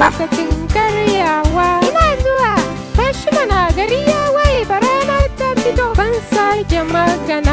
lokacin karyawa ina zuwa tashi mana gari ya waye bara na ta fito ban sake magana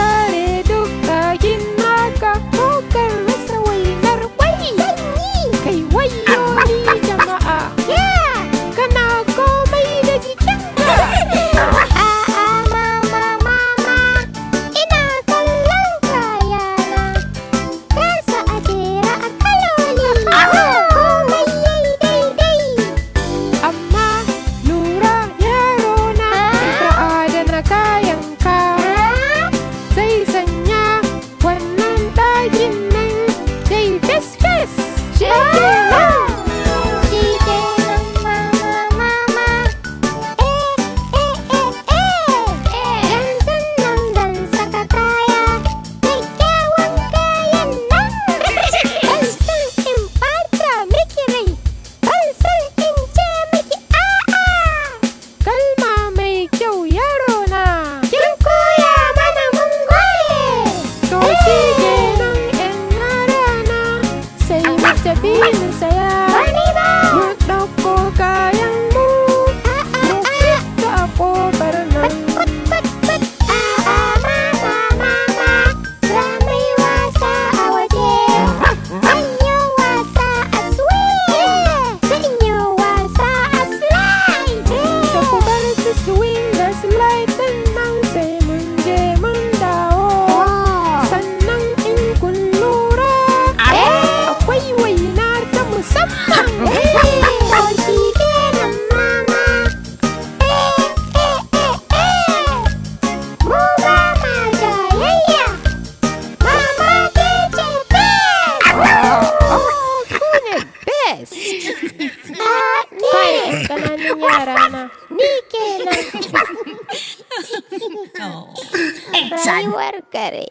誰どっか今学校から Förarna. Mikaela. Exakt. Bra workare.